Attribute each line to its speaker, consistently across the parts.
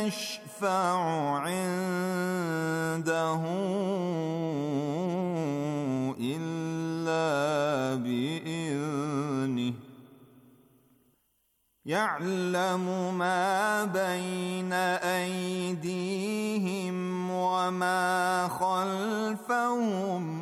Speaker 1: يشفع عنده إلا بإذنه يعلم ما بين أيديهم وما خلفهم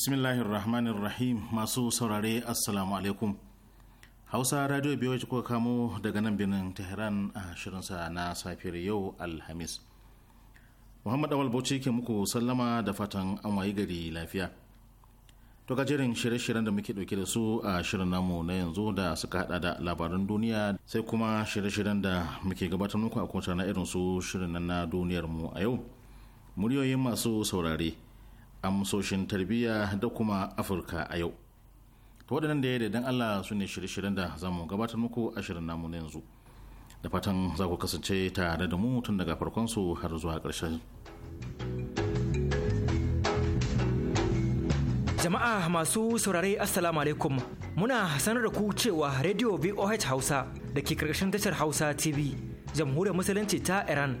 Speaker 2: bismillahir rahmanir rahim masu saurare assalamu alaikum hausa radio biyu wacce kuka kamo daga nan birnin tehran a shirinsa na safiyar yau alhamis muhammad awal bauchi ke muku sallama da fatan an wayi gari lafiya to gajerin shirye-shiryen da muke dauke da su a shirin namu na yanzu da suka hada da labaran duniya sai kuma shirye-shiryen da muke gabatar muku a kowace na irin su shirin na duniyar mu a yau muryoyin masu saurare amsoshin tarbiyya da kuma afirka a yau to waɗannan da ya dan allah su ne shirye-shiryen da za mu gabatar muku a shirin namu na yanzu da fatan za ku kasance tare da mu tun daga farkon su har zuwa ƙarshen
Speaker 3: jama'a masu saurare assalamu alaikum muna sanar da ku cewa radio voh hausa da ke karkashin tashar hausa tv jamhuriyar musulunci ta iran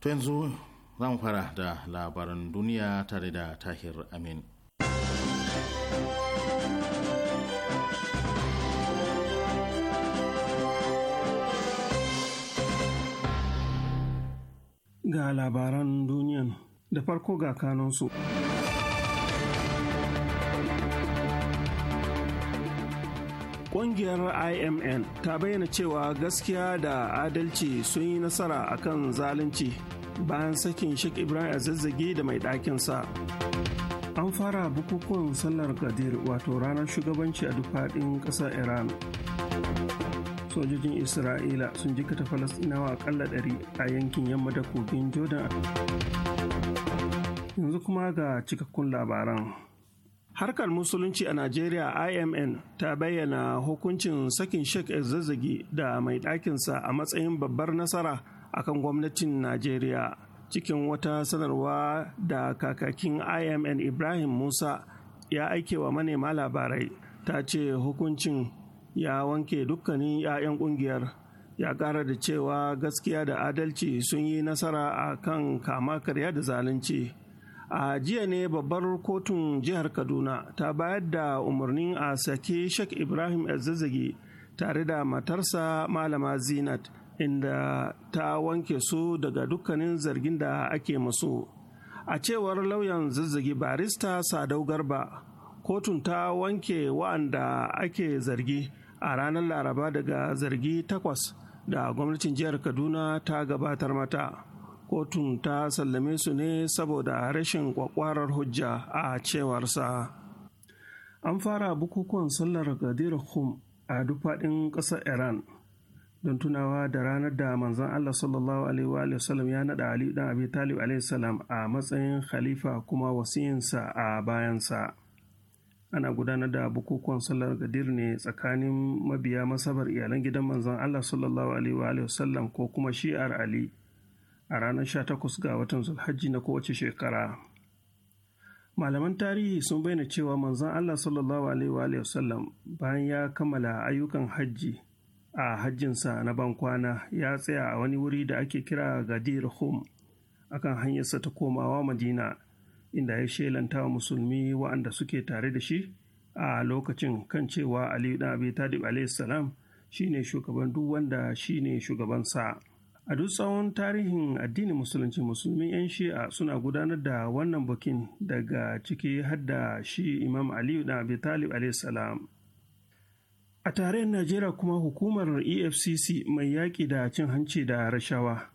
Speaker 2: To yanzu zan fara da labaran duniya tare da Tahir Amin.
Speaker 4: Ga labaran duniyan da farko ga kanunsu. Ƙungiyar IMN ta bayyana cewa gaskiya da adalci sun yi nasara a kan zalunci bayan sakin Sheikh Ibrahim Azazzagi da mai ɗakinsa. An fara bukukuwan sallar Gadir wato ranar shugabanci a duk faɗin ƙasar Iran. Sojojin Isra'ila sun jikata Falasɗinawa akalla ɗari a yankin yamma da kogin Jordan. Yanzu kuma ga cikakkun labaran. Harkar Musulunci a Najeriya IMN ta bayyana hukuncin sakin Sheikh zazzagi da mai ɗakinsa a matsayin babbar nasara akan gwamnatin Najeriya cikin wata sanarwa da kakakin IMN Ibrahim Musa ya aike wa manema labarai ta ce hukuncin ya wanke dukkanin 'ya'yan ƙungiyar ya ƙara da cewa gaskiya da adalci sun yi nasara a kan kama karya da zalunci. a jiya ne babbar kotun jihar kaduna ta bayar da umarnin a sake shek ibrahim azazzage tare da matarsa malama zinat inda ta wanke su daga dukkanin zargin da ake masu a cewar lauyan zazzagi barista sadau garba kotun ta wanke wa'anda ake zargi a ranar laraba daga zargi takwas da gwamnatin jihar kaduna ta gabatar mata kotun ta sallame su ne saboda rashin kwakwarar hujja a cewarsa an fara bukukuwan sallar gadir hum a duk faɗin ƙasar iran don tunawa da ranar da manzan allah sallallahu alaihi wasallam ya naɗa ali dan abi talib alaihi salam a matsayin khalifa kuma wasiyinsa a bayansa ana gudanar da bukukuwan sallar gadir ne tsakanin mabiya masabar iyalan gidan manzan allah sallallahu alaihi wasallam ko kuma shi'ar ali a ranar 18 ga watan Zulhajji na kowace shekara. Malaman tarihi sun bayyana cewa manzon Allah sallallahu Alaihi wasallam bayan ya kammala ayyukan hajji a hajjinsa na bankwana ya tsaya a wani wuri da ake kira Gadir Hum akan hanyarsa ta komawa Madina inda ya shelanta wa musulmi waɗanda suke tare da shi a lokacin kan cewa Aliyu ɗan Abi Talib salam shine shugaban duk wanda shine shugabansa. sa. a duk tsawon tarihin addinin musulunci musulmin 'yan shi'a suna gudanar da wannan bukin daga ciki hadda shi imam aliyu da abu talib salam a tare, najeriya kuma hukumar efcc mai yaƙi da cin hanci da rashawa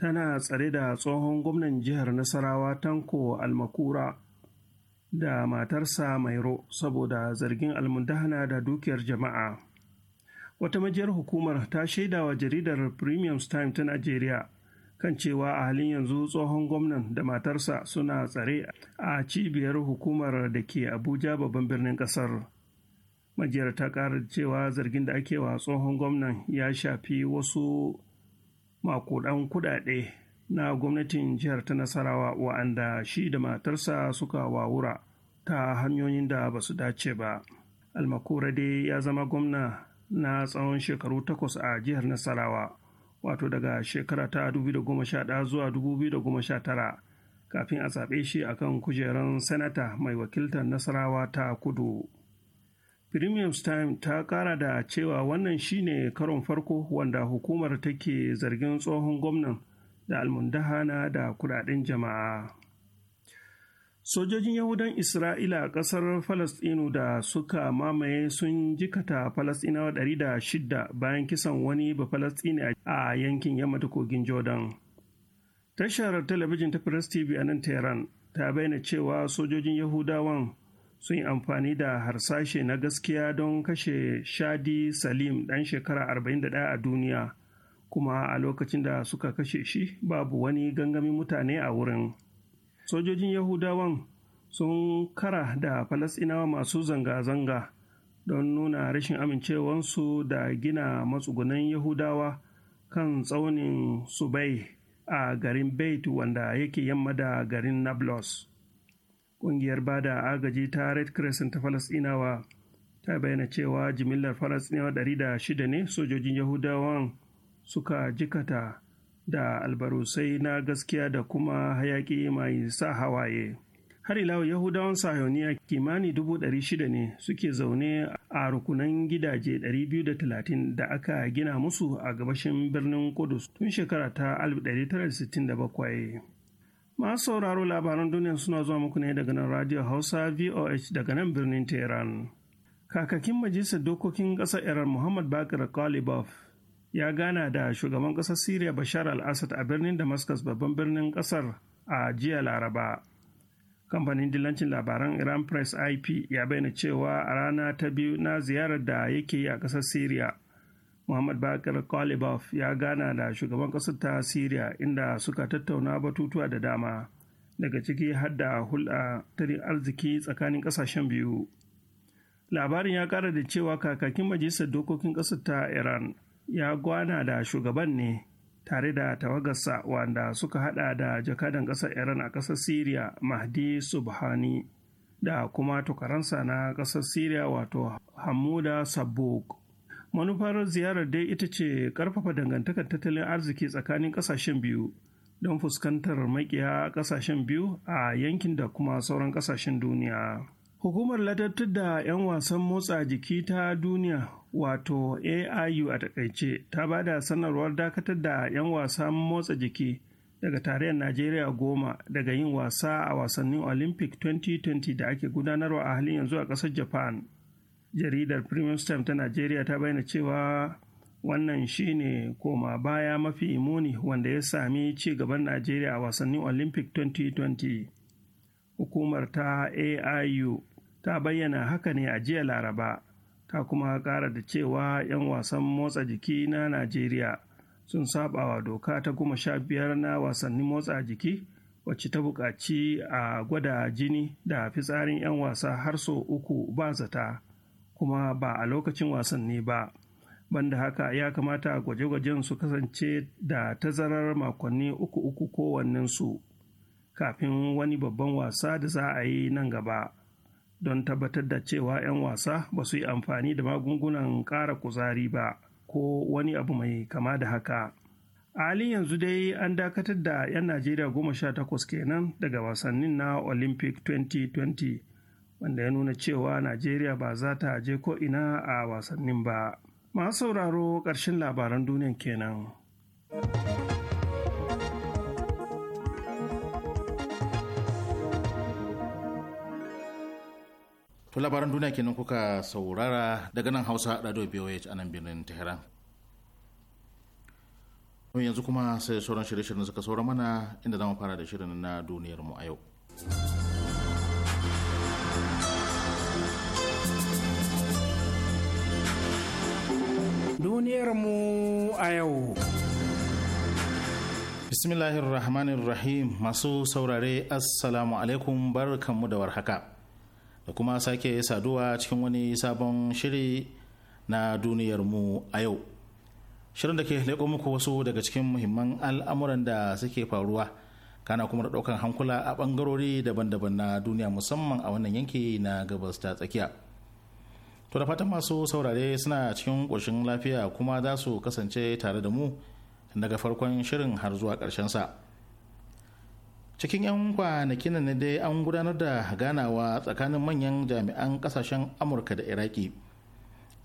Speaker 4: tana tsare da tsohon gwamnan jihar nasarawa tanko almakura da matarsa mairo saboda zargin almundahana da dukiyar jama'a wata majiyar hukumar ta shaida wa jaridar premium time ta najeriya kan cewa a halin yanzu tsohon gwamnan da matarsa suna tsare a cibiyar hukumar da ke abuja babban birnin kasar majiyar ta kara cewa zargin da ake wa tsohon gwamnan ya shafi wasu makudan kudade na gwamnatin jihar ta nasarawa wa'anda shi da matarsa suka wawura ta hanyoyin da ba su dace ba almakura dai ya zama gwamna na tsawon shekaru takwas a jihar Nasarawa, wato daga shekara ta 2011 zuwa 2019 kafin a zaɓe shi a kan kujeran sanata mai wakiltar Nasarawa ta kudu. Premium Time ta ƙara da cewa wannan shine karon farko wanda hukumar take zargin tsohon gwamnan da almundahana da kudaden jama'a. Sojojin Yahudan Isra'ila a ƙasar Falasɗinu da suka mamaye sun jikata Falasɗinawa ɗari da shida bayan kisan wani ba Falasɗini a yankin yamma ta kogin Jordan. Tashar talabijin ta Press TV a nan Tehran ta bayyana cewa sojojin Yahudawan sun yi amfani da harsashe na gaskiya don kashe Shadi Salim ɗan shekara 41 a duniya, kuma a lokacin da suka kashe shi babu wani gangamin mutane a wurin. sojojin yahudawan sun kara da Falasɗinawa masu zanga-zanga don nuna rashin amincewansu da gina matsugunan yahudawa kan tsaunin subai a garin bait wanda yake yamma da garin nablus ƙungiyar bada agaji ta red crescent ta Falasɗinawa ta bayyana cewa jimillar falasinawa shida ne sojojin yahudawan suka jikata da albarusai na gaskiya da kuma hayaƙi mai sa hawaye. Har ila Yahudawan Sahiyoniya kimani dubu ɗari shida ne suke zaune a rukunan gidaje ɗari biyu da talatin da aka gina musu a gabashin birnin Kudus tun shekara ta alif ɗari tara da sittin da bakwai. Masu sauraro labaran duniya suna zuwa muku ne daga nan Radio Hausa VOH daga nan birnin Tehran. Kakakin Majalisar Dokokin Ƙasar Iran Muhammad Bakir Kalibov ya gana da shugaban ƙasar Siriya Bashar al-Assad a birnin Damascus babban birnin ƙasar a jiya Laraba. Kamfanin dillancin labaran Iran Press IP ya bayyana cewa a rana ta biyu na ziyarar da yake yi a ƙasar Siriya, Muhammad Bakar Kalibov ya gana da shugaban ƙasar ta Siriya inda suka tattauna batutuwa da dama, daga ciki har da hulɗa tattalin arziki tsakanin ƙasashen biyu. Labarin ya ƙara da cewa kakakin majalisar dokokin ƙasar ta Iran. ya gwana da shugaban ne tare da tawagarsa wanda suka hada da jakadan ƙasar iran a ƙasar syria mahdi subhani da kuma tukaransa na ƙasar syria wato hamuda sabuk manufar ziyarar dai ita ce ƙarfafa dangantakar tattalin arziki tsakanin ƙasashen biyu don fuskantar makiya ƙasashen biyu a yankin da kuma sauran ƙasashen duniya. Hukumar latattar da 'yan wasan motsa jiki ta duniya wato AIU a takaice ta ba da sanarwar dakatar da 'yan wasan motsa jiki daga tarayyar Najeriya goma daga yin wasa a wasannin Olympic 2020 da ake gudanarwa a halin yanzu a ƙasar Japan. Jaridar Premium Stem ta Najeriya ta bayyana cewa wannan shine koma baya mafi muni wanda ya sami ci gaban Najeriya a wasannin Olympic 2020. Hukumar ta AIU ta bayyana haka ne a jiya laraba ta kuma ƙara da cewa 'yan wasan motsa jiki na najeriya sun sabawa doka ta goma sha biyar na wasannin motsa jiki wacce ta buƙaci a gwada jini da fitsarin 'yan wasa har sau uku ba zata kuma ba a lokacin wasanni ba banda haka ya kamata gwaje-gwajen su kasance da tazarar makonni uku uku kowannensu kafin wani babban wasa da za a yi nan gaba. don tabbatar da cewa 'yan wasa ba su yi amfani da magungunan ƙara kuzari ba ko wani abu mai kama da haka. A halin yanzu dai an dakatar da 'yan Najeriya goma sha takwas kenan daga wasannin na Olympic 2020 wanda ya nuna cewa Najeriya ba za ta je ko'ina a wasannin ba. Masu sauraro ƙarshen labaran duniya
Speaker 2: kenan. To labaran duniya kenan kuka saurara daga nan Hausa Radio BOH a nan birnin Tehran. yanzu kuma sai sauran shirye-shiryen suka saura mana inda mu fara da shirin na duniyar mu a yau. Duniyar mu a yau. Bismillahirrahmanirrahim masu saurare Assalamu alaikum barkanmu da warhaka. da kuma sake saduwa cikin wani sabon shiri na duniyarmu a yau shirin da ke leƙo muku wasu daga cikin muhimman al'amuran da suke faruwa kana kuma da ɗaukan hankula a ɓangarori daban-daban na duniya musamman a wannan yanki na gabas ta tsakiya to da fatan masu saurare suna cikin ƙoshin lafiya kuma za su kasance tare da mu daga farkon shirin har zuwa ƙarshen sa. cikin 'yan na ne dai an gudanar da ganawa tsakanin manyan jami'an kasashen amurka da iraki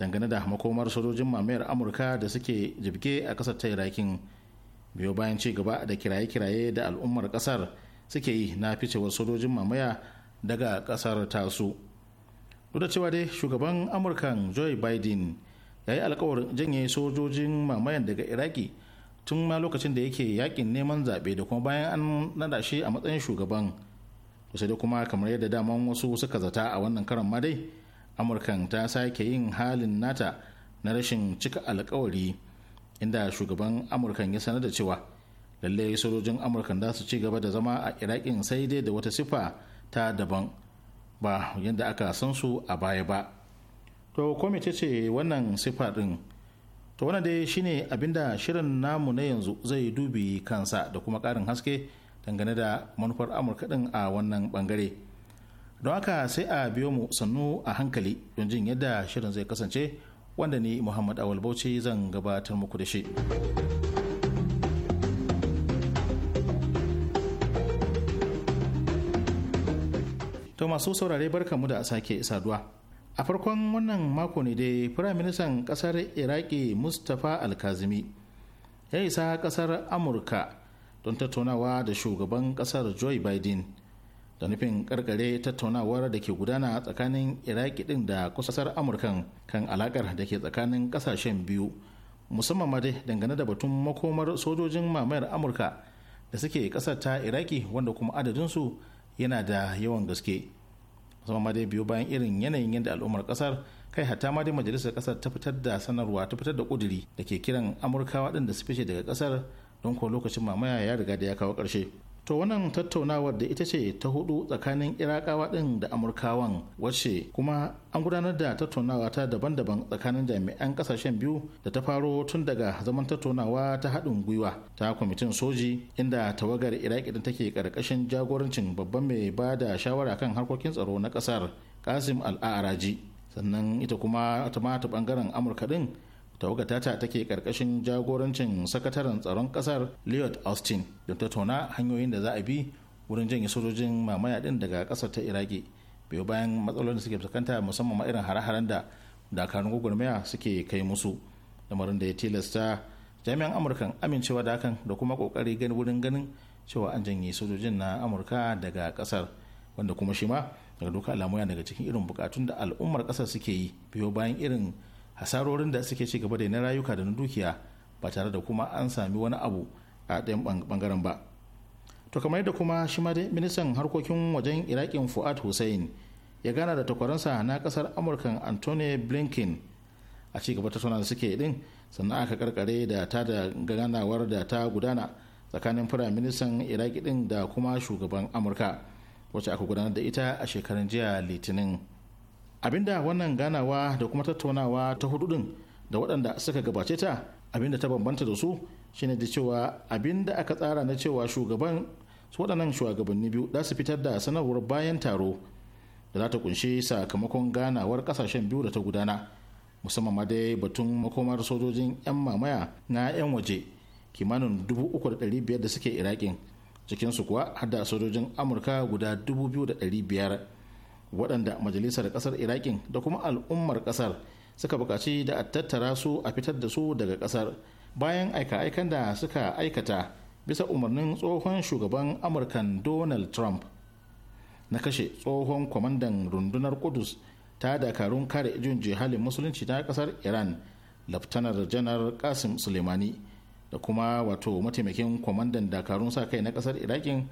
Speaker 2: dangane da makomar sojojin mamayar amurka da suke jibge a kasar ta irakin biyo bayan ci gaba da kiraye-kiraye da al'ummar kasar suke yi na ficewar sojojin mamaya daga kasar tasu duk da cewa dai shugaban amurkan joe biden ya yi alkawarin janye sojojin mamayan daga iraki tun ma lokacin da yake yakin neman zaɓe da kuma bayan an nada shi a matsayin shugaban sai da kuma kamar yadda daman wasu suka zata a wannan karan ma dai amurkan ta sake yin halin nata na rashin cika alkawari inda shugaban amurkan ya sanar da cewa lallai sojojin amurkan za su ci gaba da zama a irakin sai dai da wata sifa ta daban ba yadda aka san su a baya ba to ko ce wannan sifa din to wannan dai shine abinda shirin namu na yanzu zai dubi kansa da kuma karin haske dangane da manufar amurka din a wannan bangare don haka sai a biyo mu sannu a hankali don jin yadda shirin zai kasance wanda ni muhammad awal bauchi zan gabatar muku da shi to masu saurare barkamu da sake saduwa a farkon wannan mako ne dai firaministan kasar iraki mustapha alkazimi ya isa kasar amurka don tattaunawa da shugaban kasar joe biden da nufin karkare tattaunawar da ke gudana tsakanin iraki din da kusasar amurkan kan alakar da ke tsakanin kasashen biyu musamman ma dangane da batun makomar sojojin mamayar amurka da suke kasar ta iraki wanda kuma adadinsu yana da yawan gaske. zama ma dai biyu bayan irin yanayin yadda al'ummar kasar kai hatta ma dai majalisar kasar ta fitar da sanarwa ta fitar da kuduri da ke kiran amurkawa din da su fice daga kasar don ko lokacin mamaya ya riga da ya kawo karshe to wannan tattaunawar da ita ce ta hudu tsakanin irakawa din da amurkawan wacce kuma an gudanar da tattaunawa ta daban-daban tsakanin jami'an kasashen biyu da ta faro tun daga zaman tattaunawa ta haɗin gwiwa ta kwamitin soji inda tawagar iraki din take ƙarƙashin jagorancin babban mai ba da shawara kan harkokin tsaro na ƙasar kasim al'araji sannan ita kuma ta ta bangaren amurka din tawaga ta take karkashin jagorancin sakataren tsaron kasar lloyd austin da tattauna hanyoyin da za a bi wurin janye sojojin mamaya din daga kasar ta iraki biyo bayan matsalolin da suke fuskanta musamman ma irin hare-haren da dakarun gwagwarmaya suke kai musu lamarin da ya tilasta jami'an amurkan amincewa da hakan da kuma kokari gani wurin ganin cewa an janye sojojin na amurka daga kasar wanda kuma shi ma daga duka alamu daga cikin irin bukatun da al'ummar kasar suke yi biyo bayan irin hasarorin da suke ci gaba da na rayuka da na dukiya ba tare da kuma an sami wani abu a ɗayan bangaren ba to kamar yadda kuma shi ma ministan harkokin wajen iraƙin fuad hussein ya gana da takwaransa na kasar amurkan antony blinken a cigaba gaba ta suna da suke din sannan aka karkare da ta da ganawar da ta gudana tsakanin firayim ministan iraki din da kuma shugaban amurka wacce aka gudanar da ita a shekarun jiya litinin abinda wannan ganawa da kuma tattaunawa ta hudu da waɗanda suka gabace ta abinda ta bambanta da su shine da cewa abinda aka tsara na cewa shugaban su waɗannan shugabanni biyu za su fitar da sanarwar bayan taro da za ta kunshi sakamakon ganawar kasashen biyu da ta gudana musamman ma dai batun makomar sojojin 'yan mamaya na 'yan waje kimanin 3,500 da suke irakin cikinsu kuwa har da sojojin amurka guda 2,500 waɗanda majalisar ƙasar irakin da kuma al'ummar ƙasar suka buƙaci da a tattara su a fitar da su daga ƙasar bayan aika-aikan da suka aikata bisa umarnin tsohon shugaban amurkan donald trump na kashe tsohon kwamandan rundunar kudus ta dakarun kare jin jihalin musulunci ta ƙasar iran laftanar janar kasim suleimani da kuma wato mataimakin kwamandan dakarun sa kai na ƙasar irakin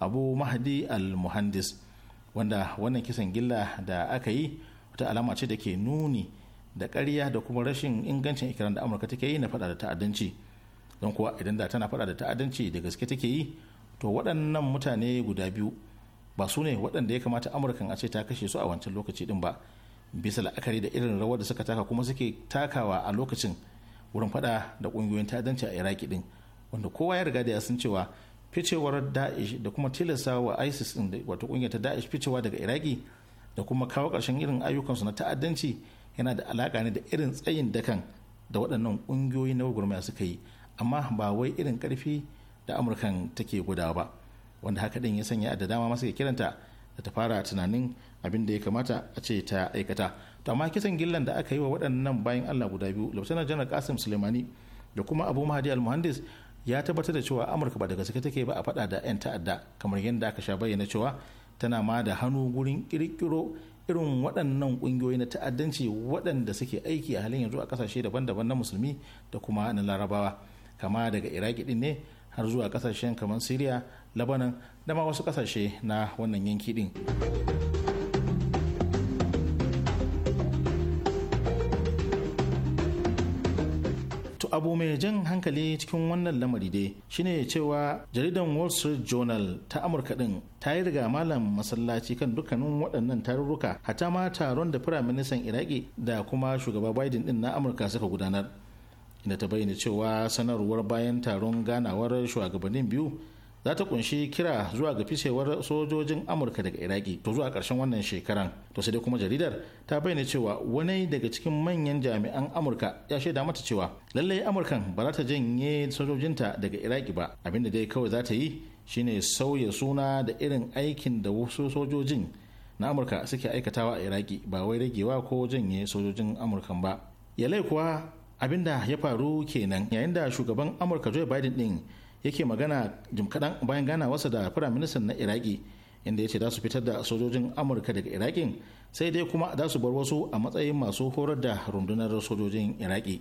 Speaker 2: abu mahdi al-muhandis wanda wannan kisan gilla da aka yi wata alama ce da ke nuni da karya da kuma rashin ingancin ikiran da amurka take yi na faɗa da ta'addanci don kuwa idan da tana faɗa da ta'addanci da gaske take yi to waɗannan mutane guda biyu ba su ne waɗanda ya kamata amurkan a ce ta kashe su a wancan lokaci din ba bisa la'akari da irin rawar da suka taka kuma suke takawa a lokacin wurin faɗa da ƙungiyoyin ta'addanci a iraki din wanda kowa ya riga da ya san cewa ficewar da'ish da kuma tilasta wa isis din wato kungiyar ta da'ish ficewa daga iraki da kuma kawo karshen irin ayyukansu na ta'addanci yana da alaka ne da irin tsayin dakan da waɗannan ƙungiyoyi na gwagwarmaya suka yi amma ba wai irin ƙarfi da amurkan take guda ba wanda haka din ya sanya da dama masu kiranta da ta fara tunanin abin da ya kamata a ce ta aikata to amma kisan gillan da aka yi wa waɗannan bayan allah guda biyu lautanar janar kasim sulemani da kuma abu mahadi al-muhandis ya tabbatar da cewa amurka ba da gaske take ba a fada da 'yan ta'adda kamar yadda aka sha bayyana cewa tana ma da hannu gurin kirkiro irin waɗannan ƙungiyoyi na ta'addanci waɗanda suke aiki a halin yanzu a ƙasashe daban-daban na musulmi da kuma na larabawa kama daga iraki ɗin ne har zuwa ƙasashen kamar syria labanan da ma wasu ƙasashe na wannan yanki ɗin. mai jan hankali cikin wannan lamari dai shine cewa jaridan wall street journal ta amurka din ta yi riga malam masallaci kan dukkanin waɗannan tarurruka hata ma taron da firaministan iraki da kuma shugaba biden din na amurka suka gudanar inda ta bayyana cewa sanarwar bayan taron ganawar shugabannin biyu za ta kunshi kira zuwa ga fisewar sojojin amurka daga iraki to zuwa karshen wannan shekaran to sai dai kuma jaridar ta bayyana cewa wani daga cikin manyan jami'an amurka ya shaida mata cewa lallai amurkan ba za ta janye sojojinta daga iraki ba abinda dai kawai za ta yi shine sauya suna da irin aikin da wasu sojojin na amurka suke aikatawa a iraki ba wai ragewa ko janye sojojin amurkan ba yalai kuwa abinda ya faru kenan yayin da shugaban amurka joe biden din yake magana jim kaɗan bayan wasa da firaministan na iraki inda ya ce za su fitar da sojojin amurka daga irakin sai dai kuma za su bar wasu a matsayin masu horar da rundunar sojojin iraki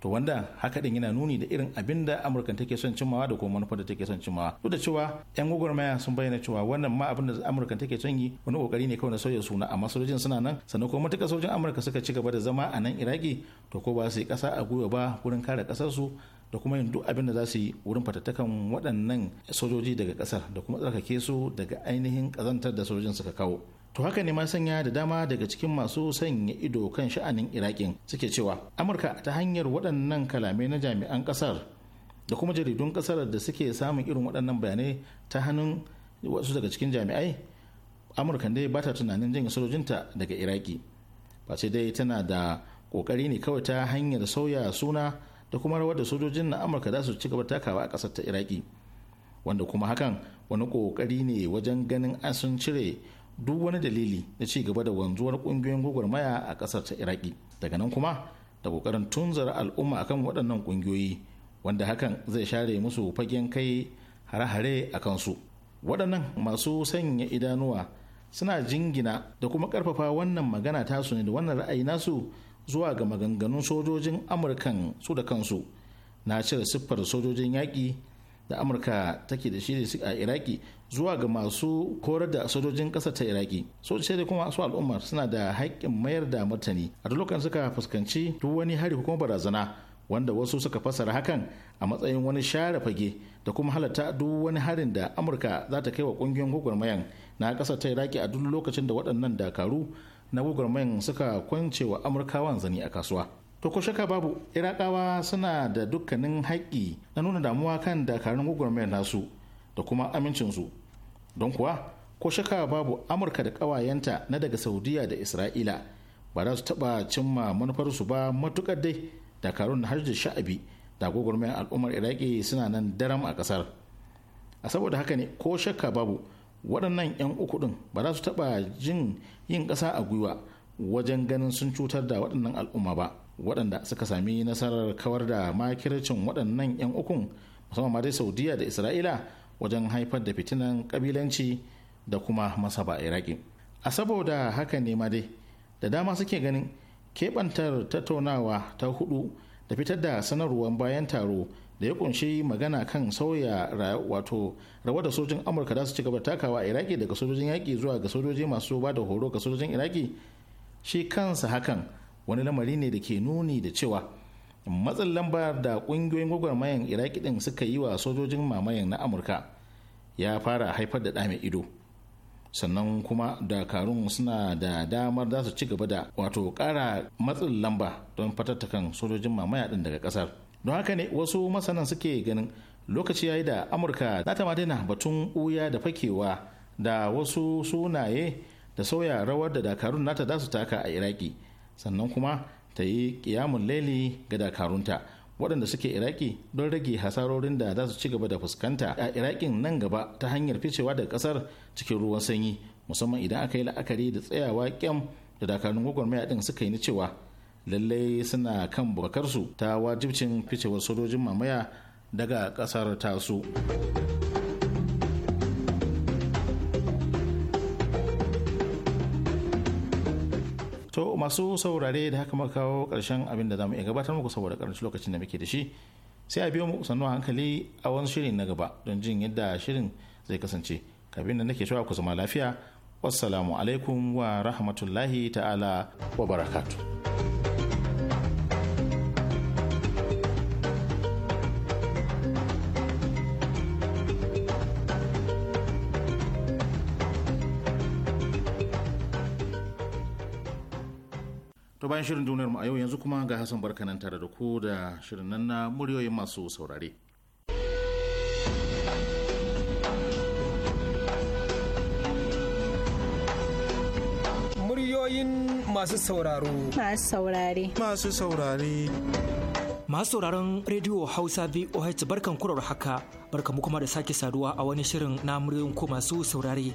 Speaker 2: to wanda haka din yana nuni da irin abin da amurka take son cimmawa da kuma manufar da take son cimmawa duk da cewa yan gwagwarmaya sun bayyana cewa wannan ma abin da amurka take son yi wani kokari ne kawai na sauya suna amma sojojin suna nan sannan kuma matuƙar sojojin amurka suka ci gaba da zama a nan iraki to ko ba su yi ƙasa a gwiwa ba wurin kare ƙasarsu da kuma yin duk abin da za su yi wurin fatattakan waɗannan sojoji daga ƙasar da kuma tsarkake su daga ainihin ƙazantar da sojojin suka kawo to haka ne ma sanya da dama daga cikin masu sanya ido kan sha'anin iraƙin suke cewa amurka ta hanyar waɗannan kalamai na jami'an ƙasar da kuma jaridun ƙasar da suke samun irin waɗannan bayanai ta hannun wasu daga cikin jami'ai amurka dai ba ta tunanin janye sojojinta daga iraki ba sai dai tana da ƙoƙari ne kawai ta hanyar sauya suna da kuma rawar da sojojin na amurka za su ci gaba takawa a ƙasar ta iraki wanda kuma hakan wani ƙoƙari ne wajen ganin an sun cire duk wani dalili na ci gaba da wanzuwar ƙungiyoyin gwagwarmaya a ƙasar ta iraki daga nan kuma da ƙoƙarin tunzara al'umma akan waɗannan ƙungiyoyi wanda hakan zai share musu fagen kai hare-hare a kansu waɗannan masu sanya idanuwa suna jingina da kuma ƙarfafa wannan magana tasu ne da wannan ra'ayi nasu zuwa ga maganganun sojojin amurkan su da kansu na cire siffar sojojin yaƙi da amurka take da shi a iraki zuwa ga masu korar da sojojin ƙasar ta iraki so da kuma su al'umma suna da haƙƙin mayar da martani a duk lokacin suka fuskanci duk wani hari kuma barazana wanda wasu suka fasara hakan a matsayin wani share fage da kuma halatta duk wani harin da amurka za ta kai wa ƙungiyoyin gwagwarmayan na ƙasar ta iraki a duk lokacin da waɗannan dakaru na gwagwarmayan suka kwance wa amurkawan zani a kasuwa to ko shaka babu irakawa suna da dukkanin haƙƙi na nuna damuwa kan dakarun gwagwarmayan nasu da kuma amincinsu don kuwa ko shaka babu amurka da ƙawayenta na daga saudiya da isra'ila ba za su taɓa cimma manufarsu ba matuƙar dai dakarun har da sha'abi da gwagwarmayan al'ummar iraki suna nan daram a ƙasar a saboda haka ne ko shakka babu waɗannan 'yan uku ɗin ba za su taɓa jin yin ƙasa a gwiwa wajen ganin sun cutar da waɗannan al'umma ba waɗanda suka sami nasarar kawar da makircin waɗannan 'yan ukun musamman ma dai saudiya da isra'ila wajen haifar da fitinan ƙabilanci da kuma masaba iraki a saboda haka ne ma dai da dama suke ganin keɓantar tattaunawa ta hudu da fitar da sanarwar bayan taro da ya kunshi magana kan sauya wato rawar da sojojin amurka za su ci gaba takawa a iraki daga sojojin yaƙi zuwa ga sojoji masu ba da horo ga sojojin iraki shi kansa hakan wani lamari ne da ke nuni da cewa matsin lamba da ƙungiyoyin gwagwarmayan iraki din suka yi wa sojojin mamayan na amurka ya fara haifar da ɗame ido sannan kuma dakarun suna da damar za su ci gaba da wato ƙara matsin lamba don fatattakan sojojin mamaya din daga ƙasar don haka ne wasu masana suke ganin lokaci yayi da amurka za ta madina batun uya da fakewa da wasu sunaye da sauya rawar da dakarun nata za su taka a iraki sannan kuma ta yi kiyamun laili ga dakarunta waɗanda suke iraki don rage hasarorin da za su ci gaba da fuskanta a irakin nan gaba ta hanyar ficewa daga ƙasar cikin ruwan sanyi musamman idan aka yi la'akari da tsayawa kyam da dakarun gwagwarmaya ɗin suka yi na cewa lallai suna kan bukakarsu ta wajibcin ficewar sojojin mamaya daga kasar tasu to masu saurare da haka maka kawo karshen abin da za mu iya gabatar muku saboda karancin lokacin da muke da shi sai a biyo mu sannu hankali a wani shirin na gaba don jin yadda shirin zai kasance kabinda da nake cewa ku zama lafiya wassalamu alaikum wa rahmatullahi ta'ala wa barakatu. to bayan shirin duniyar mu a yau yanzu kuma ga Hassan Barkanan tare da ku da shirin nan na muryoyin masu saurare
Speaker 3: muryoyin masu sauraro
Speaker 5: masu saurare
Speaker 3: masu saurare masu sauraron rediyo hausa voh barkan kurar haka barkan mu kuma da sake saduwa a wani shirin na muryoyin ko masu saurare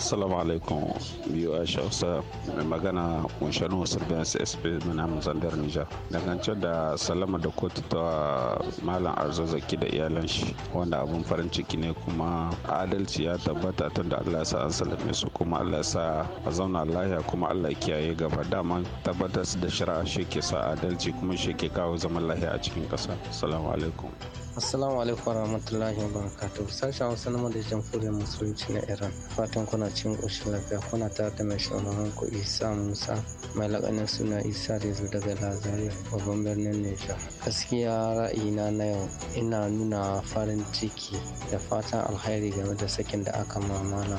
Speaker 6: Assalamu alaikum biyu a shausa mai magana kunshanu wasu sp mana zandar nijar dangance da salama da kotu ta malam arzazzaki da iyalan shi wanda abun farin ciki ne kuma adalci ya tabbata tun da allah sa an salame su kuma allah sa a zauna lahiya kuma allah kiyaye gaba dama tabbatar da shari'a shi ke sa adalci kuma shi ke kawo zaman lahiya a cikin ƙasa assalamu alaikum
Speaker 5: Assalamu alaikum warahmatullahi wabarakatuh. Sashen Hausa na da Jamhuriyar Musulunci na Iran. Fatan kuna cin ƙoshin lafiya kuna tare da mai shugaban ku Isa Musa mai laƙanin suna Isa da daga Lazariya babban birnin Nijar. Gaskiya ra'ina na yau ina nuna farin ciki da fatan alkhairi game da sakin da aka mamala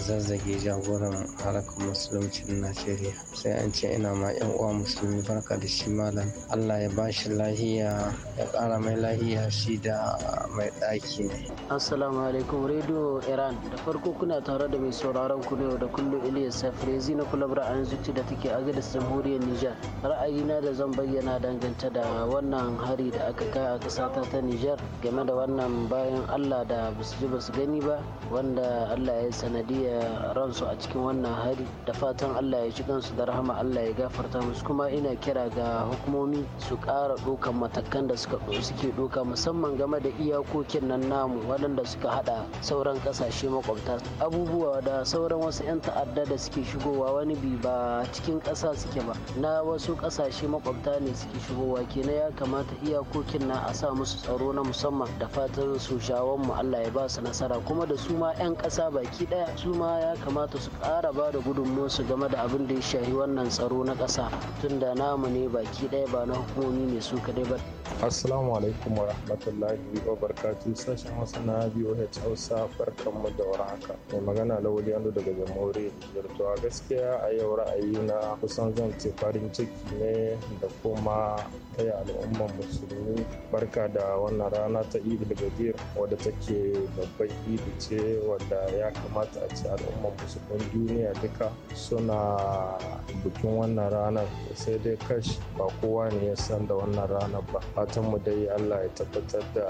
Speaker 5: zazzage jagoran harakar musulunci na Najeriya. Sai an ce ina ma 'yan uwa musulmi barka da shi malam. Allah ya bashi lahiya ya ƙara mai lahiya shi shi da mai ɗaki ne. Assalamu alaikum Radio Iran da farko kuna tare da mai sauraron ku yau da kullum Iliya Safrezi na kulabra an zuci da take a gidan jamhuriyar Nijar. Ra'ayina da zan bayyana danganta da wannan hari da aka kai a kasata ta Nijar game da wannan bayan Allah da basu ji basu gani ba wanda Allah ya sanadiya ransu a cikin wannan hari da fatan Allah ya ci kansu da rahama Allah ya gafarta musu kuma ina kira ga hukumomi su kara ɗaukan matakan da suka suke ɗauka musamman musamman game da iyakokin nan namu waɗanda suka hada sauran ƙasashe makwabta abubuwa da sauran wasu 'yan ta'adda da suke shigowa wani bi ba cikin ƙasa suke ba na wasu ƙasashe makwabta ne suke shigowa kenan ya kamata iyakokin na a sa musu tsaro na musamman da fatan su shawon mu Allah ya ba su nasara kuma da su ma 'yan ƙasa baki ɗaya su ma ya kamata su ƙara ba da su game da abin da ya shahi wannan tsaro na ƙasa tunda namu ne baki ɗaya ba na hukumomi ne su kadai ba.
Speaker 6: Assalamu alaikum wa rahmatullahi wa barkatu sashen wasu na biyu ya Hausa barkanmu da waraka Mai magana wuri Ando daga jamhuri Nijar. gaskiya a yau ra'ayi na kusan zan ce farin ciki ne da kuma taya al'umman musulmi barka da wannan rana ta idul gabir wadda take babban idi ce wadda ya kamata a ci al'umman musulmi duniya duka suna bikin wannan ranar sai dai kashi ba kowa ne ya san da wannan ranar ba fatan mu dai allah ya tabbatar da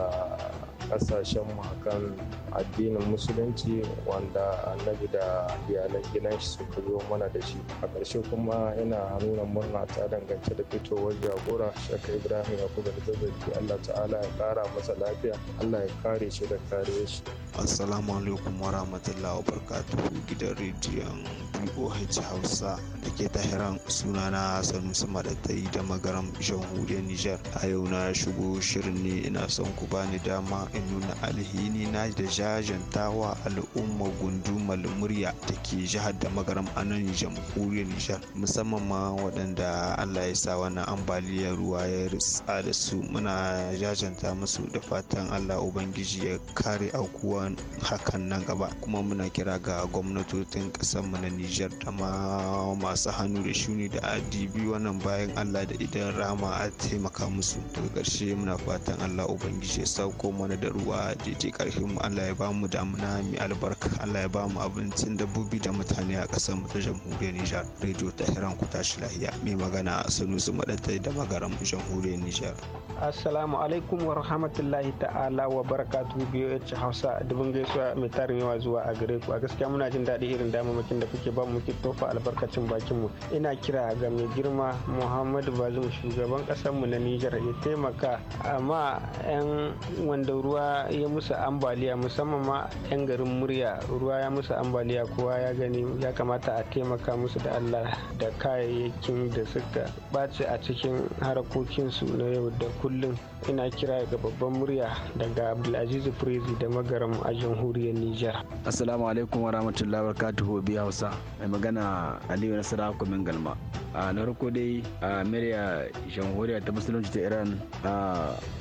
Speaker 6: mu akan addinin musulunci wanda annabi da iyalan gidan shi suka zo mana da shi a ƙarshe kuma ina nuna murna ta dangance da fitowar jagora shaka ibrahim kuma da allah ta'ala ya kara masa lafiya allah ya kare shi da kare shi assalamu alaikum wa rahmatullahi wa gidan rediyon boh hausa da ke tahiran sunana sanusi madatai da magaram jamhuriyar nijar a yau na shigo shirin ne ina son ku bani dama in nuna alhini na da jajanta wa al'umma gundumar murya da ke jihar da magaram a nan jamhuriyar nijar musamman ma waɗanda allah ya sa wannan ambaliyar ruwa ya ritsa da su muna jajanta musu da fatan allah ubangiji ya kare aukuwan hakan nan gaba kuma muna kira ga gwamnatocin mu na nijar da ma masu hannu da shuni da adibi wannan bayan allah da idan rama a taimaka musu daga karshe muna fatan allah ubangiji ya sauko mana tare da ruwa daidai karfin mu Allah ya ba mu damuna mai albarka Allah ya ba mu abincin dabbobi da mutane a ƙasar mu ta jamhuriyar Nijar rediyo ta hiran ku tashi lahiya mai magana Sanusi madatta da magaran jamhuriyar Nijar Assalamu alaikum wa rahmatullahi ta'ala wa barakatuhu biyo Hausa dubin gaisuwa mai tarin yawa zuwa a gare ku a gaskiya muna jin daɗi irin damamakin da kuke ba mu ki tofa albarkacin bakin mu ina kira ga mai girma Muhammadu Bazum shugaban ƙasar mu na Nijar ya taimaka amma 'yan wanda ruwa ya musu ambaliya musamman ma 'yan garin murya ruwa ya musu ambaliya kowa ya gani ya kamata a taimaka musu da allah da kayayyakin da suka bace a cikin harakokinsu na yau da kullum ina kira ga babban murya daga abdulaziz prezi da magaram a jamhuriyar nijar assalamu alaikum wa rahmatullahi wa barakatuhu biya hausa mai magana aliyu nasara kumin galma a na farko dai a murya jamhuriyar ta musulunci ta iran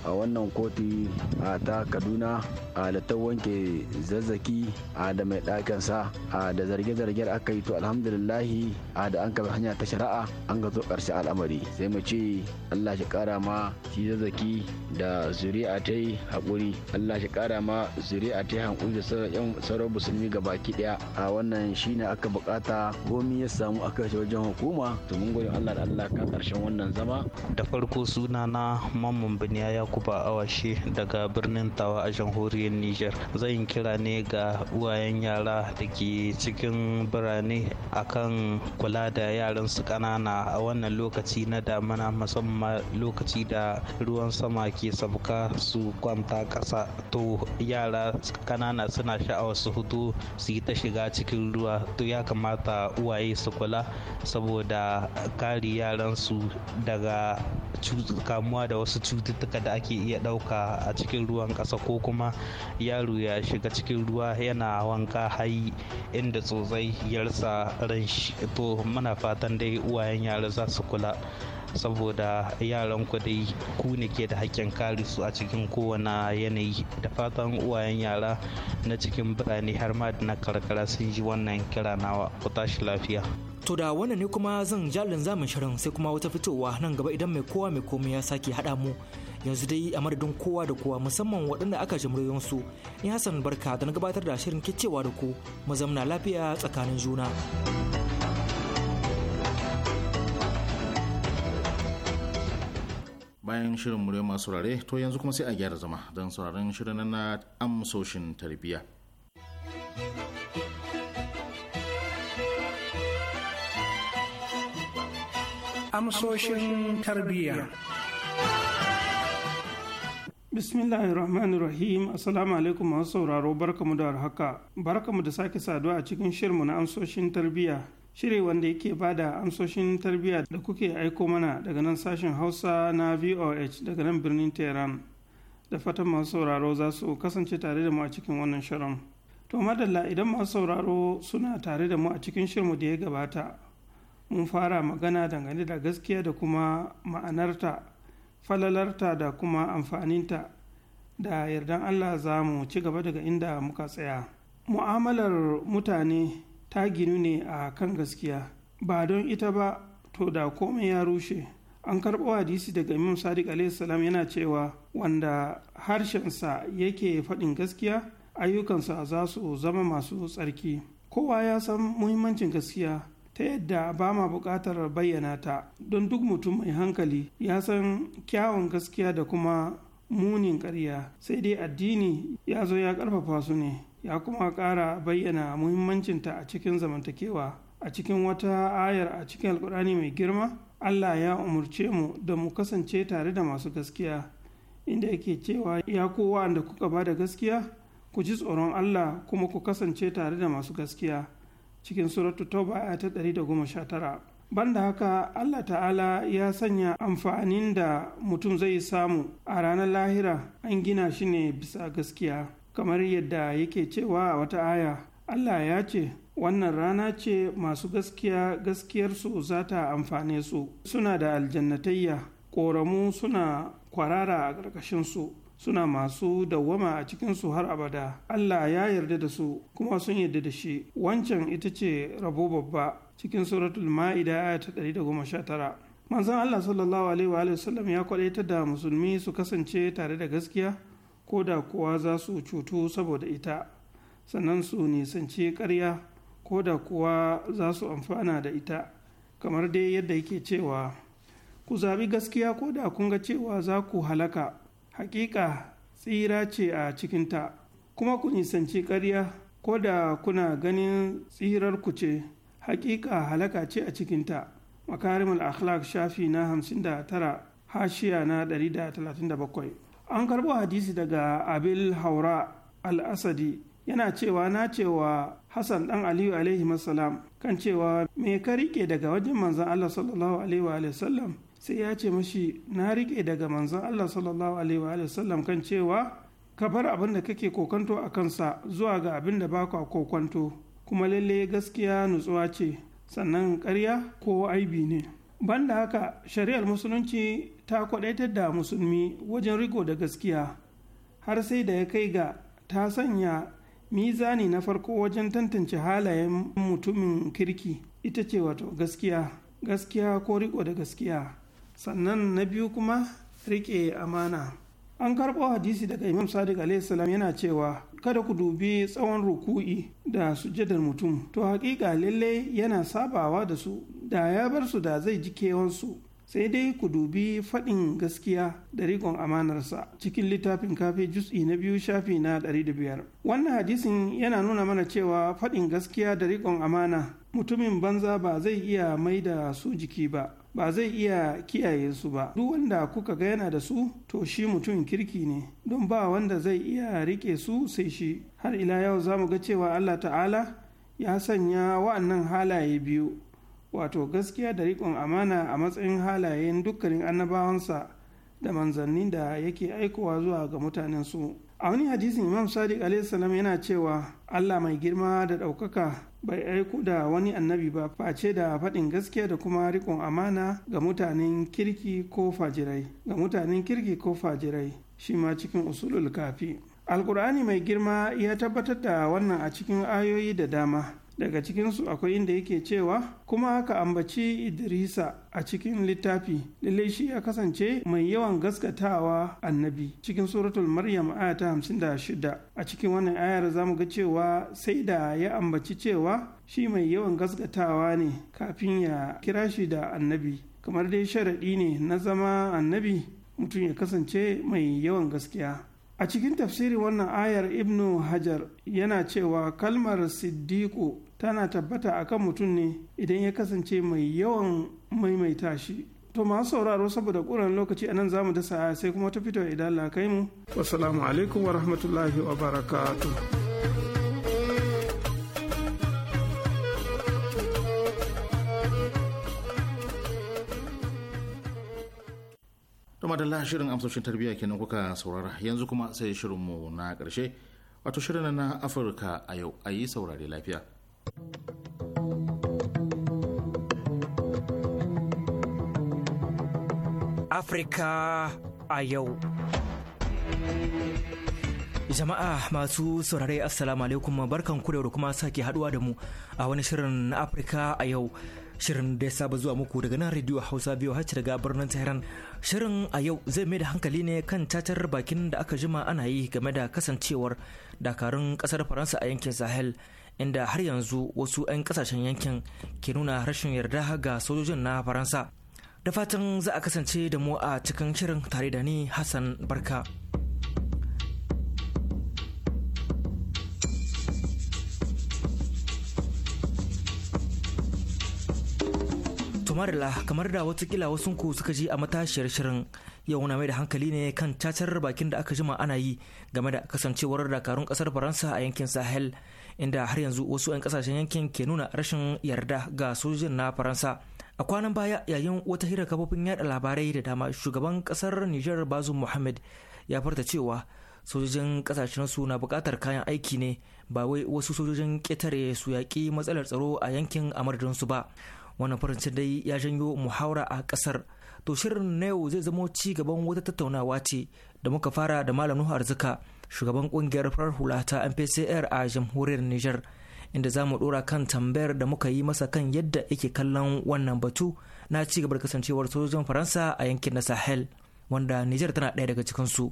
Speaker 6: a wannan kotu ta kaduna a ta wanke zazzaki a da mai ɗakinsa a da zarge-zargen aka yi to alhamdulillahi a da an kaɓe hanya ta shari'a an ga zo ƙarshe al'amari sai mu ce allah shi ƙara ma shi zazzaki da zuri'a ta yi haƙuri allah shi ƙara ma zuri'a ta yi haƙuri da sauran musulmi ga baki ɗaya a wannan shi ne aka buƙata komi ya samu aka shi wajen hukuma
Speaker 7: to mun gode allah da allah ka ƙarshen wannan zama da farko suna na mamman biniya kuba awashe daga birnin yantawa a jamhuriyar niger zan kira ne ga uwayen yara da ke cikin birane a kan kula da yaran su ƙanana a wannan lokaci na damana musamman lokaci da ruwan sama ke sabka su kwanta ƙasa to yara ƙanana suna sha'awar su hudu su yi ta shiga cikin ruwa to ya kamata uwaye su kula saboda kare su daga kamuwa da wasu cututtuka da ake iya ɗauka a cikin ruwan kasa ko kuma yaro ya shiga cikin ruwa yana wanka har inda tsotsai ya rasa ran shi to muna fatan dai uwayen yara za su kula saboda yaran ku dai ku ne ke da hakkin kare su a cikin kowane yanayi da fatan uwayen yara na cikin birane har ma da na karkara sun ji wannan kira nawa ku tashi lafiya
Speaker 3: to da wannan ne kuma zan jalin zamin shirin sai kuma wata fitowa nan gaba idan mai kowa mai komai ya sake haɗa mu yanzu dai a madadin kowa da kowa musamman waɗanda aka ji su ni hassan barka da na gabatar da shirin kicewa da ku mazamna lafiya tsakanin juna
Speaker 2: bayan shirin mure masu rare to yanzu kuma sai a gyara zama don sauraron shirin na amsoshin tarbiyya
Speaker 4: amsoshin tarbiyya Bismillahirrahmanirrahim Assalamu alaikum masu sauraro barkamu da haka barkamu da sake saduwa a cikin shirmu na amsoshin tarbiyya shiri wanda yake bada amsoshin tarbiyya da kuke aiko mana daga nan sashen Hausa na VOH daga nan birnin Tehran da fatan masu sauraro za su kasance tare da mu a cikin wannan shirin. To madalla idan masu sauraro suna tare da mu a cikin shirmu da ya gabata mun fara magana dangane da gaskiya da kuma ma'anarta falalarta da kuma amfaninta da yardan Allah za mu ci gaba daga inda muka tsaya. Mu'amalar mutane ta ginu ne a kan gaskiya, ba don ita ba to da komai ya rushe. An karɓo hadisi daga Imam Sadiq salam yana cewa wanda harshensa yake faɗin gaskiya ayyukansa za su zama masu tsarki. Kowa ya san muhimmancin gaskiya ta yadda ba ma buƙatar bayyana ta don duk mutum mai hankali ya san kyawun gaskiya da kuma munin ƙarya sai dai addini ya zo ya ƙarfafa su ne ya kuma ƙara bayyana muhimmancinta a cikin zamantakewa a cikin wata ayar a cikin alkur'ani mai girma allah ya umarce mu da mu kasance tare da masu gaskiya inda yake cewa ya kowa da kuka ba da gaskiya ku ji tsoron allah kuma ku kasance tare da masu gaskiya cikin suratu tauba ta da goma sha 119 banda haka allah ta'ala ya sanya amfanin da mutum zai samu a ranar lahira an gina shi ne bisa gaskiya kamar yadda yake cewa a wata aya allah ya ce wannan rana ce masu gaskiya gaskiyarsu za ta amfane su suna da aljannatayya ƙoramu suna kwarara a ƙarƙashinsu suna masu dawwama a cikinsu har abada Allah ya yarda da su kuma sun yarda da shi wancan ita ce rabo babba cikin suratul ma'ida aya ta 119 manzon Allah sallallahu alaihi wa sallam ya kwadaita da musulmi su kasance tare da gaskiya ko da kuwa za su cutu saboda ita sannan su nisanci karya? ko da kuwa za su amfana da ita kamar dai yadda yake cewa ku zabi gaskiya ko da kun ga cewa za ku halaka hakika tsira ce a cikinta kuma ku nisanci ƙarya ko da kuna ganin tsirar ku ce hakika halaka ce a cikinta makarimul akhlaq shafi na 59 hashiya na 137 an karbo hadisi daga abil haura al-asadi yana cewa na cewa hassan dan aliyu alaihi kan cewa me ka rike daga wajen manzan allah sallallahu alaihi wa sallam sai ya ce mashi na riƙe daga manzon Allah sallallahu alaihi wa sallam kan cewa ka bar abin da kake kokanto a kansa zuwa ga abin da baka kokanto kuma lalle gaskiya nutsuwa ce sannan karya ko aibi ne banda haka shari'ar musulunci ta kwadaitar da musulmi wajen riko da gaskiya har sai da ya kai ga ta sanya mizani na farko wajen tantance halayen mutumin kirki ita ce wato gaskiya gaskiya ko riko da gaskiya sannan na biyu kuma riƙe amana an karɓo hadisi daga imam sadiq alaihissalam yana cewa kada ku dubi tsawon ruku'i da sujadar mutum to hakika lalle yana sabawa da su da ya bar su da zai ji kewansu sai dai ku dubi faɗin gaskiya da rikon amanarsa cikin littafin kafe jus'i na biyu shafi na ɗari da biyar. wannan hadisin yana nuna mana cewa faɗin gaskiya da rikon amana mutumin banza ba zai iya mai da su jiki ba ba zai iya kiyaye su ba duk wanda kuka ga yana da su to shi mutum kirki ne don ba wanda zai iya rike su sai shi har ila yau za mu ga cewa allah ta'ala ya sanya wa'annan halaye biyu wato gaskiya da rikon amana a matsayin halayen dukkanin annabawansa da manzannin da yake aikowa zuwa ga mutanen su a wani hadisin imam sadiq salam yana cewa allah mai girma da ɗaukaka bai aiku da wani annabi ba face da faɗin gaskiya da kuma rikon amana ga mutanen kirki ko fajirai ga mutanen kirki ko fajirai shi ma cikin usulul kafi alkur'ani mai girma ya tabbatar da wannan a cikin ayoyi da dama daga cikinsu akwai inda yake cewa kuma aka ambaci idrisa a cikin littafi lallai shi ya kasance mai yawan gaskatawa annabi cikin suratul maryam aya ta hamsin da shida a cikin wannan ayar za mu ga cewa sai da ya ambaci cewa shi mai yawan gaskatawa ne kafin ya kira shi da annabi kamar dai sharaɗi ne na zama annabi mutum ya kasance mai yawan gaskiya a cikin tafsirin wannan ayar ibnu hajar yana cewa kalmar siddiqu tana tabbata akan mutum ne idan ya kasance mai yawan maimaita shi to masu sauraro saboda ƙuran lokaci anan zamu dasa sai kuma ta fito idan la kai mu wassalamu alaikum wa rahmatullahi wa barakatuh
Speaker 2: kuma da shirin amsoshin tarbiyya kenan kuka saurara yanzu kuma sai shirinmu na karshe wato shirin na afirka a yau a yi saurare lafiya Afirka a yau.
Speaker 3: Jama'a masu saurare Assalamu alaikum barkan ku da kuma sake haduwa da mu a wani shirin na Afirka a yau. Shirin da ya saba zuwa muku daga nan Radio Hausa biyu hacci daga birnin Tehran. Shirin a yau zai mai da hankali ne kan tatar bakin da aka jima ana yi game da kasancewar dakarun kasar Faransa a yankin Sahel inda har yanzu wasu 'yan kasashen yankin ke nuna rashin yarda ga sojojin na faransa da fatan za a kasance da mu a cikin shirin tare da ni hassan barka tumarila kamar da watakila ku suka ji a matashiyar shirin yau na mai da hankali ne kan cacar bakin da aka jima ana yi game da kasancewar dakarun kasar faransa a yankin sahel inda har yanzu wasu 'yan kasashen yankin ke nuna rashin yarda ga sojojin na faransa a kwanan baya yayin wata hira kafofin yada labarai da dama shugaban kasar niger bazu muhammad ya farta cewa sojojin kasashen su na bukatar kayan aiki ne ba wai wasu sojojin ketare su yaƙi matsalar tsaro a yankin amardin su ba wannan farancin dai ya janyo muhawara a kasar to shirin na yau zai zamo ci gaban wata tattaunawa ce da muka fara da malam nuhu arzika shugaban kungiyar farar hula ta mpcr a jamhuriyar niger inda za mu dora kan tambayar da muka yi masa kan yadda yake kallon wannan batu na ci gaba da kasancewar sojojin faransa a yankin na sahel wanda niger tana ɗaya daga cikinsu su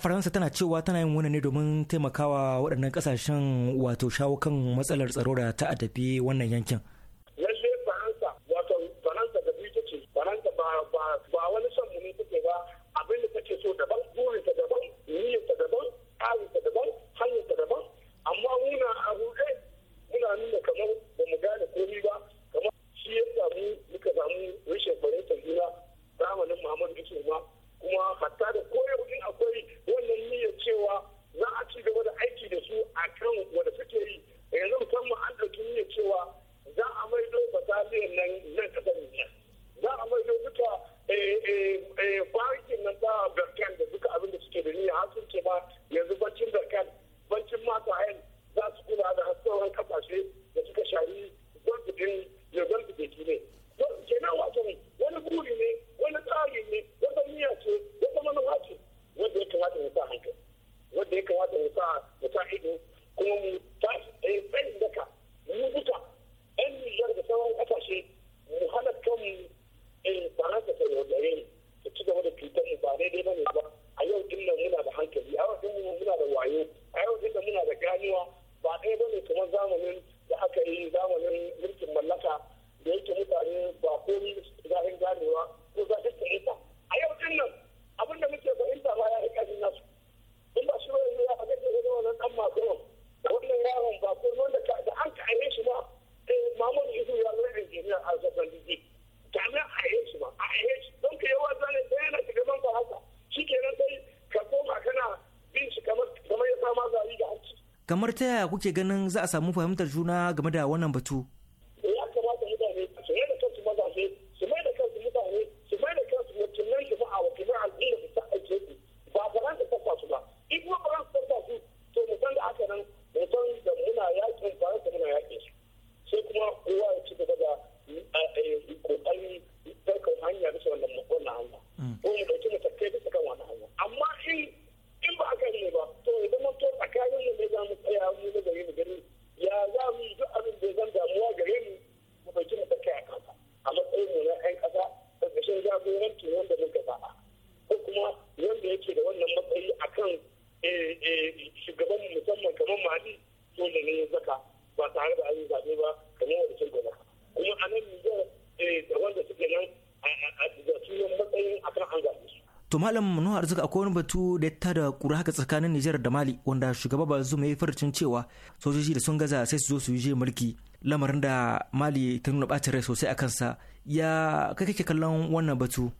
Speaker 3: faransa tana cewa tana yin wani ne domin taimakawa waɗannan kasashen wato shawo kan matsalar tsaro da ta addabi wannan yankin ta yaya kuke ganin za a samu fahimtar juna game da wannan batu to malam nuhu arzika akwai wani batu da ya da kura haka tsakanin nijar da mali wanda shugaba ba zuma yi farcin cewa sojoji da sun gaza sai su zo su yi mulki lamarin da mali ta nuna bacin rai sosai a kansa ya kai kake kallon wannan batu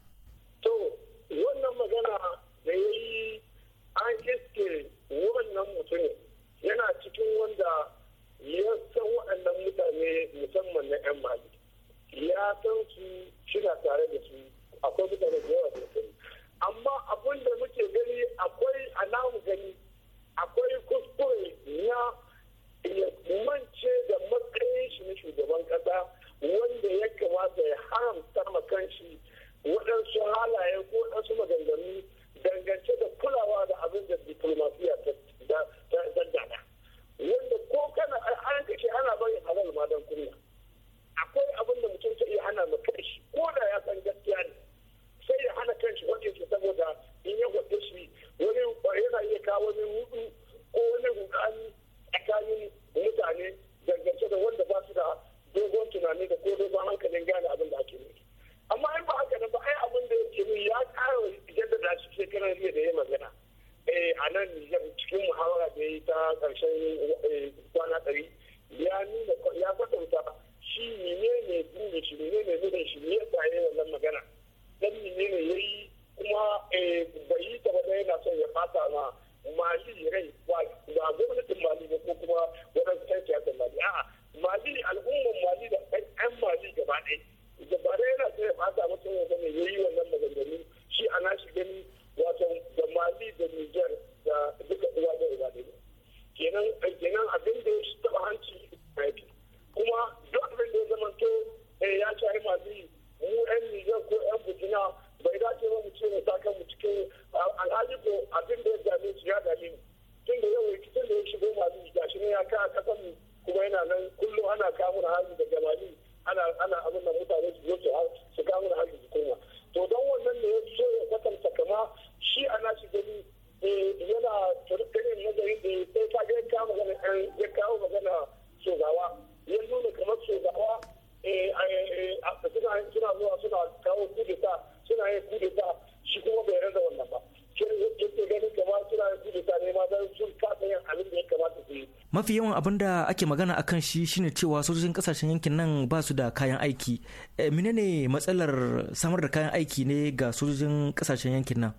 Speaker 3: mafi yawan abin da ake magana akan shi shine cewa sojojin kasashen yankin nan ba su da kayan aiki eh, menene matsalar samar da kayan aiki ne ga sojojin kasashen yankin nan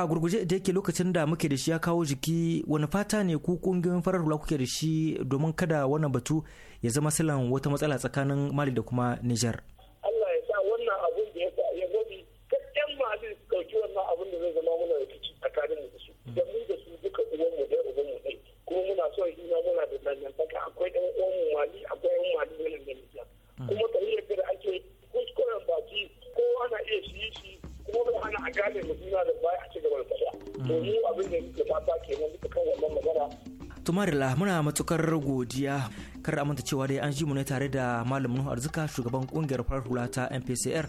Speaker 3: a gurguje da yake lokacin da muke da shi ya kawo jiki wani fata ne ku kungiyoyin farar hula kuke da shi domin kada wannan batu ya zama silan wata matsala tsakanin mali da kuma nijar. marila muna matukar godiya kar amanta cewa dai an ji mu ne tare da malam nuhu arzika shugaban kungiyar farar hula ta NPCR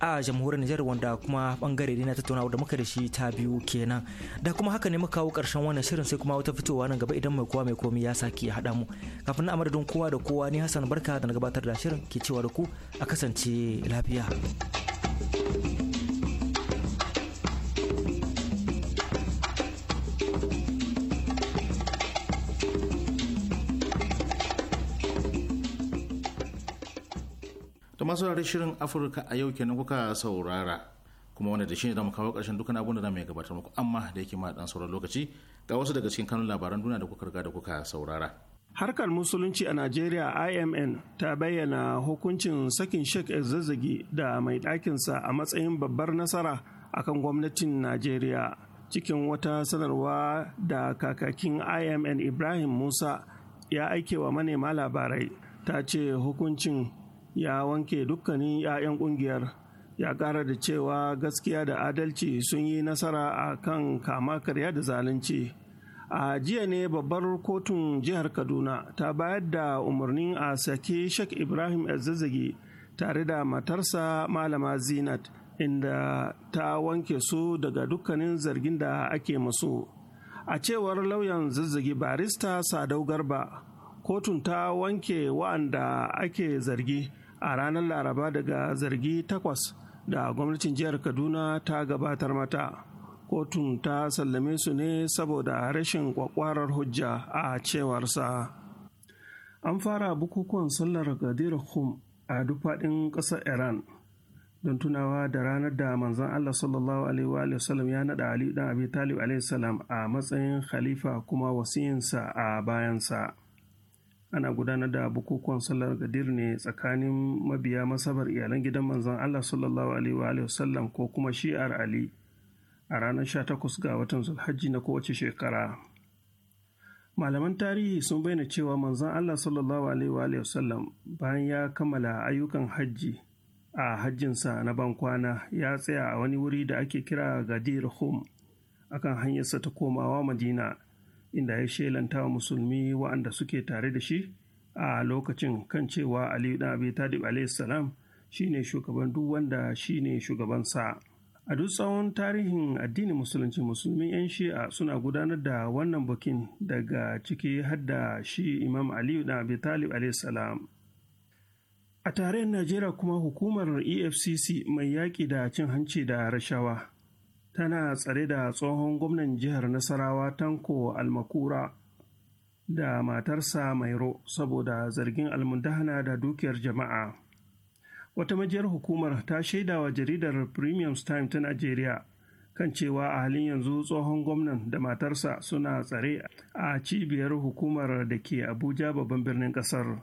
Speaker 3: a jamhuriyar nijar wanda kuma bangare ne na tattaunawa da muka da shi ta biyu kenan da kuma haka ne muka kawo karshen wannan shirin sai kuma wata fitowa nan gaba idan mai kowa mai komi ya saki ya haɗa mu kafin na don kowa da kowa ni hassan barka da na gabatar da shirin ke cewa da ku a kasance lafiya.
Speaker 2: to masu shirin afirka a yau kenan kuka saurara kuma wanda da shi ne zamu kawo ƙarshen dukkan abun da mai gabatar muku amma da yake ma dan sauran lokaci ga wasu daga cikin kanun labaran duniya da kuka riga da kuka saurara harkar musulunci
Speaker 4: a najeriya imn ta bayyana hukuncin sakin sheikh zazzagi da mai ɗakinsa a matsayin babbar nasara akan gwamnatin najeriya cikin wata sanarwa da kakakin imn ibrahim musa ya aike wa manema labarai ta ce hukuncin ya wanke dukkanin 'ya'yan ƙungiyar ya ƙara da cewa gaskiya da adalci sun yi nasara a kan kama karya da zalunci a jiya ne babbar kotun jihar kaduna ta bayar da umarnin a sake shek ibrahim azazzagi tare da matarsa malama zinat inda ta wanke su daga dukkanin zargin da ake masu a cewar lauyan zazzagi barista sadau garba kotun ta wanke wa'anda ake zargi a ranar laraba daga zargi takwas da gwamnatin jihar kaduna ta gabatar mata kotun ta sallame su ne saboda rashin kwakwarar hujja a cewarsa an fara bukukuwan sallar gadir hum a duk faɗin ƙasar iran don tunawa da ranar da manzon Allah sallallahu alaihi sallam ya naɗa Ali dan Abi Talib alaihi salam a matsayin khalifa kuma wasiyinsa a bayansa. ana gudanar da bukukuwan sallar gadir ne tsakanin mabiya masabar iyalan gidan manzon Allah sallallahu alaihi wasallam ko kuma shi'ar Ali a ranar 18 ga watan Zulhajji na kowace shekara. Malaman tarihi sun bayyana cewa manzon Allah sallallahu alaihi wasallam bayan ya kammala ayyukan hajji a hajjinsa na bankwana ya tsaya a wani wuri da ake kira Gadir Hum akan hanyarsa ta komawa Madina. inda ya shelanta wa musulmi wa'anda suke tare da shi a lokacin kan cewa aliyu dan abi talib salam shine shugaban duk wanda shine shugabansa a duk tsawon tarihin addinin musulunci musulmi 'yan shi'a suna gudanar da wannan bukin daga ciki hadda shi imam aliyu dan abi talib salam a tarayyar najeriya kuma hukumar efcc mai yaƙi da cin hanci da rashawa tana tsare da tsohon gwamnan jihar nasarawa tanko almakura da matarsa mairo saboda zargin almundahana da dukiyar jama'a wata majiyar hukumar ta shaida wa jaridar premium time ta najeriya kan cewa a halin yanzu tsohon gwamnan da matarsa suna tsare a cibiyar hukumar da ke abuja babban birnin ƙasar.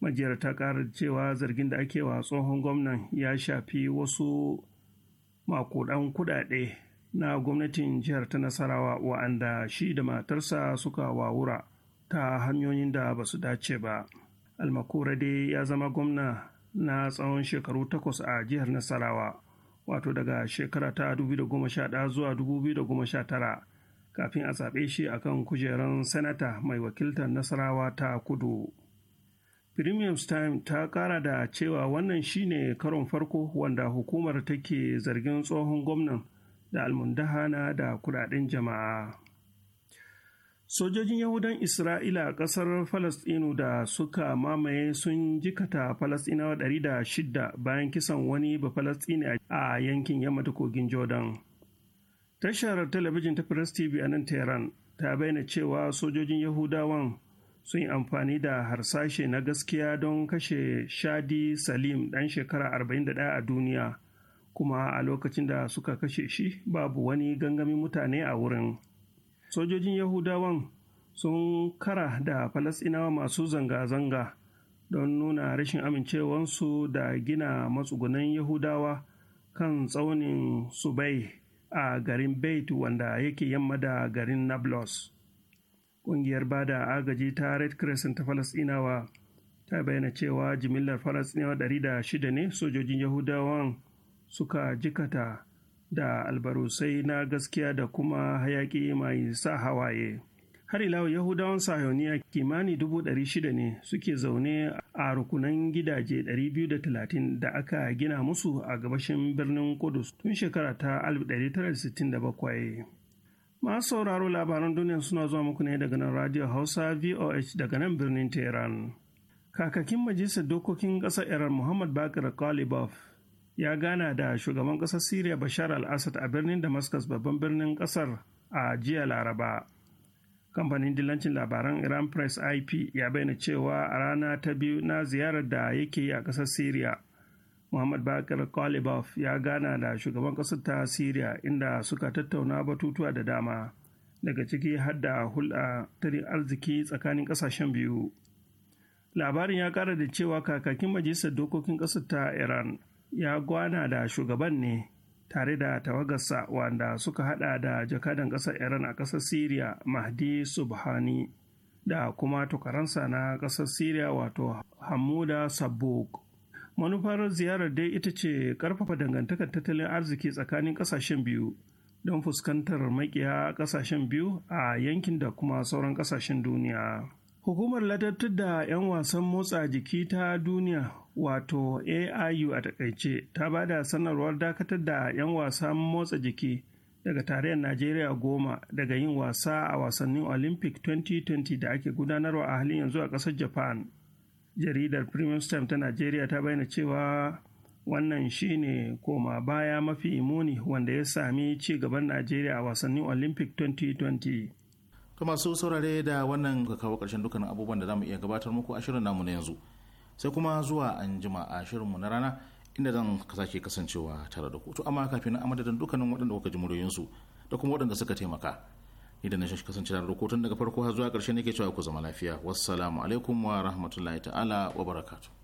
Speaker 4: majiyar ta ƙara cewa zargin da ake wa tsohon gwamnan ya shafi wasu makudan kudade na gwamnatin jihar ta nasarawa wa'anda shi da matarsa suka wawura ta hanyoyin da ba su dace ba almakura dai ya zama gwamna na tsawon shekaru takwas a jihar nasarawa wato daga shekara ta 2011 zuwa 2019 kafin a zaɓe shi akan kujerar sanata mai wakiltar nasarawa ta kudu 'premium's time ta kara da cewa wannan shine karon farko wanda hukumar take zargin tsohon gwamnan da almundahana da kudaden jama'a sojojin yahudan isra'ila a kasar falastinu da suka mamaye sun jikata falastinawa shidda bayan kisan wani bafalastini a yankin yamma ta kogin jordan tashar talabijin ta press tv a nan tehran ta bayyana cewa sojojin yahudawan sun yi amfani da harsashe na gaskiya don kashe shadi salim ɗan shekara 41 a duniya kuma a lokacin da suka kashe shi babu wani gangamin mutane a wurin sojojin yahudawan sun kara da falasinawa masu zanga-zanga don nuna rashin amincewansu da gina matsugunan yahudawa kan tsaunin subai a garin bait wanda yake yamma da garin nablus Ƙungiyar bada agaji ta Red Crescent ta Falasɗinawa ta bayyana cewa jimillar Falasɗinawa ɗari da ne sojojin Yahudawan suka jikata da albarusai na gaskiya da kuma hayaƙi mai sa hawaye. Har ila Yahudawan Sahiyoniya kimani dubu ne suke zaune a rukunan gidaje 230 da aka gina musu a gabashin birnin Kudus tun shekara ta 1967. Masu sauraro labaran duniya suna zuwa muku ne daga nan Radio Hausa VOH daga nan birnin Tehran. Kakakin Majalisar Dokokin Ƙasar Iran Muhammad Bakir Kalibov ya gana da shugaban ƙasar Siriya Bashar al-Assad a birnin Damascus babban birnin ƙasar a jiya Laraba. Kamfanin dilancin labaran Iran Press IP ya bayyana cewa a rana ta biyu na ziyarar da yake yi a ƙasar Siriya. Muhammad Bakar Kalibov ya gana da shugaban ƙasar ta Siriya inda suka tattauna batutuwa da dama daga ciki hadda hulɗa tattalin arziki tsakanin ƙasashen biyu. Labarin ya ƙara da cewa kakakin majalisar dokokin ƙasar ta Iran ya gwana da shugaban ne tare da tawagarsa wanda suka hada da jakadan ƙasar Iran a ƙasar Siriya Mahdi Subhani da kuma tukaransa na ƙasar Siriya wato Hamuda Sabuk. manufar ziyarar dai ita ce ƙarfafa dangantakar tattalin arziki tsakanin ƙasashen biyu don fuskantar makiya ƙasashen biyu a yankin da kuma sauran ƙasashen duniya hukumar ladabtar da 'yan wasan motsa jiki ta duniya wato aiu a takaice ta ba da sanarwar dakatar da 'yan wasan motsa jiki daga tarayyar najeriya goma daga yin wasa a wasannin olympic 2020 da ake gudanarwa a halin yanzu a ƙasar japan jaridar premium stamp ta najeriya ta bayyana cewa wannan shine koma baya mafi muni wanda ya sami ci gaban najeriya a wasannin olympic
Speaker 2: 2020 to masu saurare da wannan ga kawo ƙarshen dukkanin abubuwan da zamu mu iya gabatar muku a shirin namu na yanzu sai kuma zuwa an jima a shirinmu na rana inda zan sake kasancewa tare da ku to amma kafin na amadadin dukkanin waɗanda kuka ji muryoyinsu da kuma waɗanda suka taimaka idan shi kasance da rukutun daga farko har zuwa ƙarshe ke cewa ku zama lafiya wassalamu alaikum wa rahmatullahi ta'ala wa barakatu.